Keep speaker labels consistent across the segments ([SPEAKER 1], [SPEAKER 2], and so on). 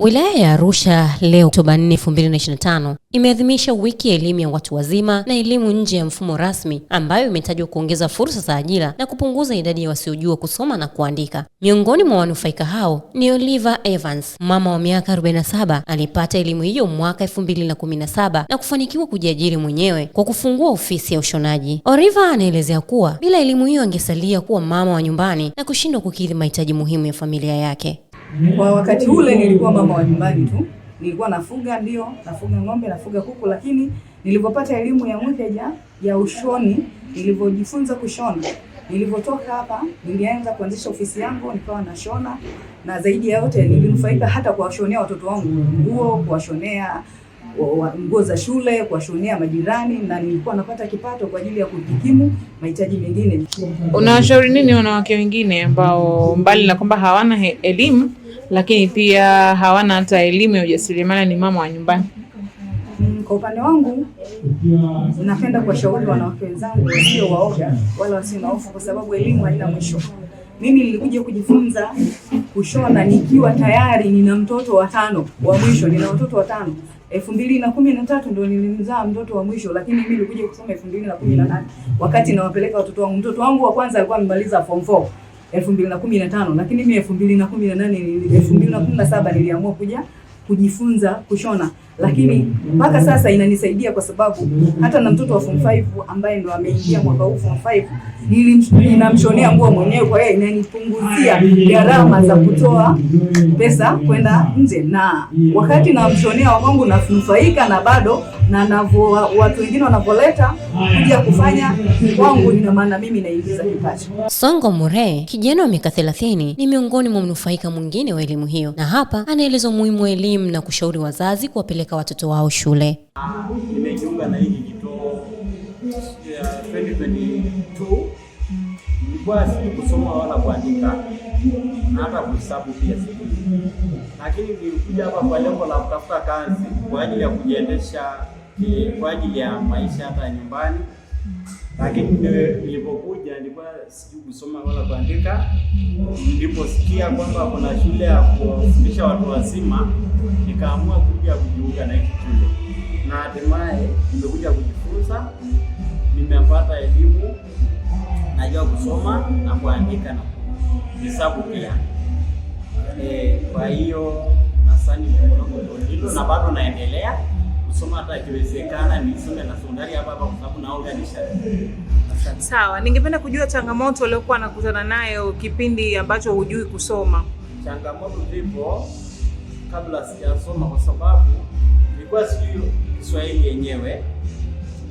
[SPEAKER 1] Wilaya ya Arusha leo Oktoba 4, 2025 imeadhimisha wiki ya elimu ya watu wazima na elimu nje ya mfumo rasmi ambayo imetajwa kuongeza fursa za ajira na kupunguza idadi ya wasiojua kusoma na kuandika. Miongoni mwa wanufaika hao ni Oliva Evans, mama wa miaka 47, alipata elimu hiyo mwaka 2017 na, na kufanikiwa kujiajiri mwenyewe kwa kufungua ofisi ya ushonaji. Oliva anaelezea kuwa bila elimu hiyo angesalia kuwa mama wa nyumbani na kushindwa kukidhi mahitaji muhimu ya familia yake.
[SPEAKER 2] Kwa wakati ule nilikuwa mama wa nyumbani tu, nilikuwa nafuga, ndio nafuga ng'ombe, nafuga kuku, lakini nilipopata elimu ya mwiteja ya ushoni, nilivyojifunza kushona, nilivyotoka hapa, nilianza kuanzisha ofisi yangu, nikawa nashona, na zaidi ya yote nilinufaika hata kuwashonea watoto wangu nguo, kuwashonea nguo za shule, kuwashonea majirani, na nilikuwa napata kipato kwa ajili ya kujikimu mahitaji mengine.
[SPEAKER 3] Unawashauri nini wanawake wengine ambao mbali na kwamba hawana elimu, lakini pia hawana hata elimu ya ujasiriamali, ni mama wa nyumbani?
[SPEAKER 2] Mm, kwa upande wangu napenda kuwashauri wanawake wenzangu wasio waoga wala wasio na hofu, kwa sababu elimu haina mwisho mimi nilikuja kujifunza kushona nikiwa tayari nina mtoto wa tano wa mwisho, nina watoto watano. elfu mbili na kumi na tatu ndo nilimzaa mtoto wa mwisho, lakini mimi nilikuja kusoma elfu mbili na kumi na nane wakati nawapeleka watoto wangu. Mtoto wangu wa kwanza alikuwa amemaliza form 4 elfu mbili na kumi na tano lakini mimi elfu mbili na kumi na nane elfu mbili na kumi na saba niliamua kuja kujifunza kushona lakini mpaka sasa inanisaidia kwa sababu hata na mtoto wa form 5 ambaye ndo ameingia mwaka huu form 5 ninamshonea nguo mwenyewe, kwa hiyo inanipunguzia gharama za kutoa pesa kwenda nje, na wakati namshonea wangu nanufaika, na bado na navo watu wengine wanavoleta kuja kufanya kwangu, ina maana mimi naingiza kipato.
[SPEAKER 1] Songo Mure, kijana wa miaka 30, ni miongoni mwa mnufaika mwingine wa elimu hiyo, na hapa anaeleza umuhimu wa elimu na kushauri wazazi kuwapeleka kupeleka watoto wao shule.
[SPEAKER 4] Nimejiunga na hiki kituo 2022 nilikuwa sijui kusoma wala kuandika na hata kuhesabu pia sijui, lakini nilikuja hapa kwa lengo la kutafuta kazi kwa ajili ya kujiendesha, kwa ajili ya maisha hata nyumbani lakini nilipokuja nilikuwa sijui kusoma wala kuandika. Niliposikia kwamba kuna shule ya kufundisha watu wazima, nikaamua kuja kujiunga na hiki shule, na hatimaye nimekuja kujifunza, nimepata elimu, najua kusoma na kuandika na hesabu pia. E, kwa hiyo nasani hilo na bado naendelea kusoma hata ikiwezekana nisome na sekondari hapa hapa, kwa sababu naoga nisha.
[SPEAKER 3] Sawa, ningependa kujua changamoto uliokuwa nakutana nayo kipindi ambacho hujui kusoma.
[SPEAKER 4] Changamoto zipo kabla sijasoma, kwa sababu nilikuwa sijui Kiswahili yenyewe,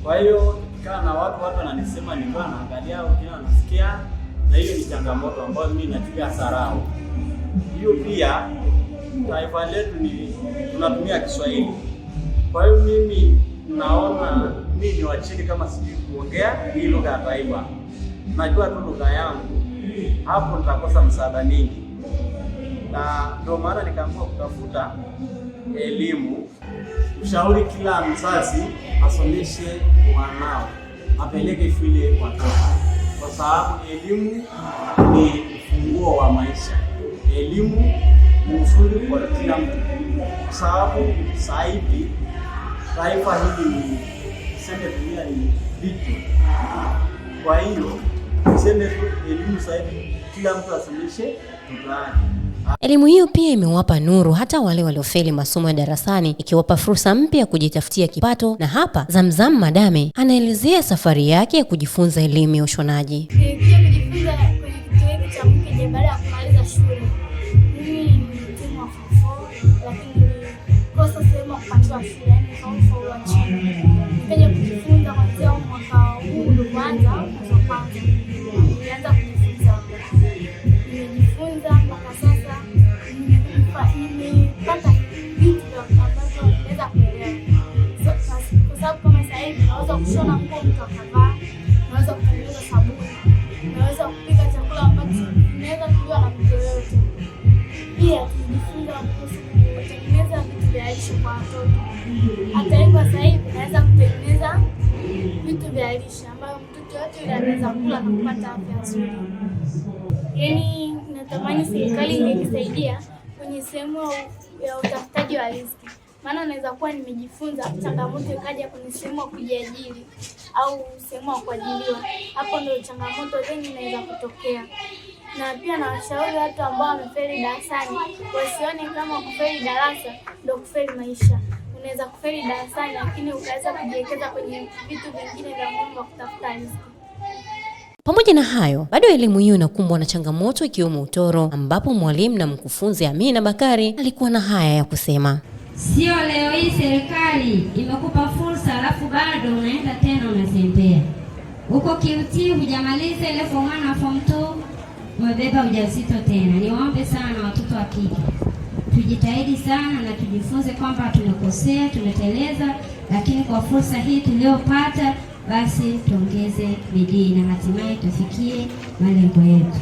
[SPEAKER 4] kwa hiyo nikaa na watu watu wananisema, nilikuwa naangalia wengine wanasikia, na hiyo ni changamoto ambayo mimi nachukia sarau hiyo. Pia taifa letu ni tunatumia Kiswahili kwa hiyo mimi naona mimi ni wachini kama sijui kuongea hii lugha ya taifa, najua tu lugha yangu, hapo nitakosa msaada nyingi, na ndio maana nikaamua kutafuta elimu. Ushauri kila mzazi asomeshe mwanao, apeleke shule watoto, kwa sababu elimu ni ufunguo wa maisha. Elimu kwa kila mtu, kwa sababu saa hivi taifa hili ni seme dunia ni vitu. Kwa hiyo seme elimu saa hivi kila mtu asomeshe mtoto
[SPEAKER 1] Elimu hiyo pia imewapa nuru hata wale waliofeli masomo ya darasani, ikiwapa fursa mpya ya kujitafutia kipato. Na hapa Zamzam Madame anaelezea safari yake ya kujifunza elimu ya ushonaji.
[SPEAKER 5] vya lishe ambayo mtoto yote yule anaweza kula na kupata afya nzuri. Yaani natamani serikali ingenisaidia kwenye sehemu ya utafutaji wa riziki, maana naweza kuwa nimejifunza, changamoto ikaja kwenye sehemu ya kujiajiri au sehemu ya kuajiliwa, hapo ndio changamoto zenye inaweza kutokea na pia na washauri watu ambao wamefeli darasani wasione kama kufeli darasa ndio kufeli maisha unaweza kufeli darasani, lakini ukaweza kujiwekeza kwenye vitu vingine vya Mungu kutafuta riziki.
[SPEAKER 1] Pamoja na hayo, bado elimu hiyo inakumbwa na changamoto ikiwemo utoro, ambapo mwalimu na mkufunzi Amina Bakari alikuwa na haya ya kusema:
[SPEAKER 6] sio leo hii serikali imekupa fursa, alafu bado unaenda tena unazembea huko. QT hujamaliza ile form 1 na form 2, umebeba ujauzito tena. Niwaombe sana watoto wa kike tujitahidi sana na tujifunze kwamba tumekosea, tumeteleza, lakini kwa fursa hii tuliyopata, basi tuongeze bidii na hatimaye tufikie malengo yetu.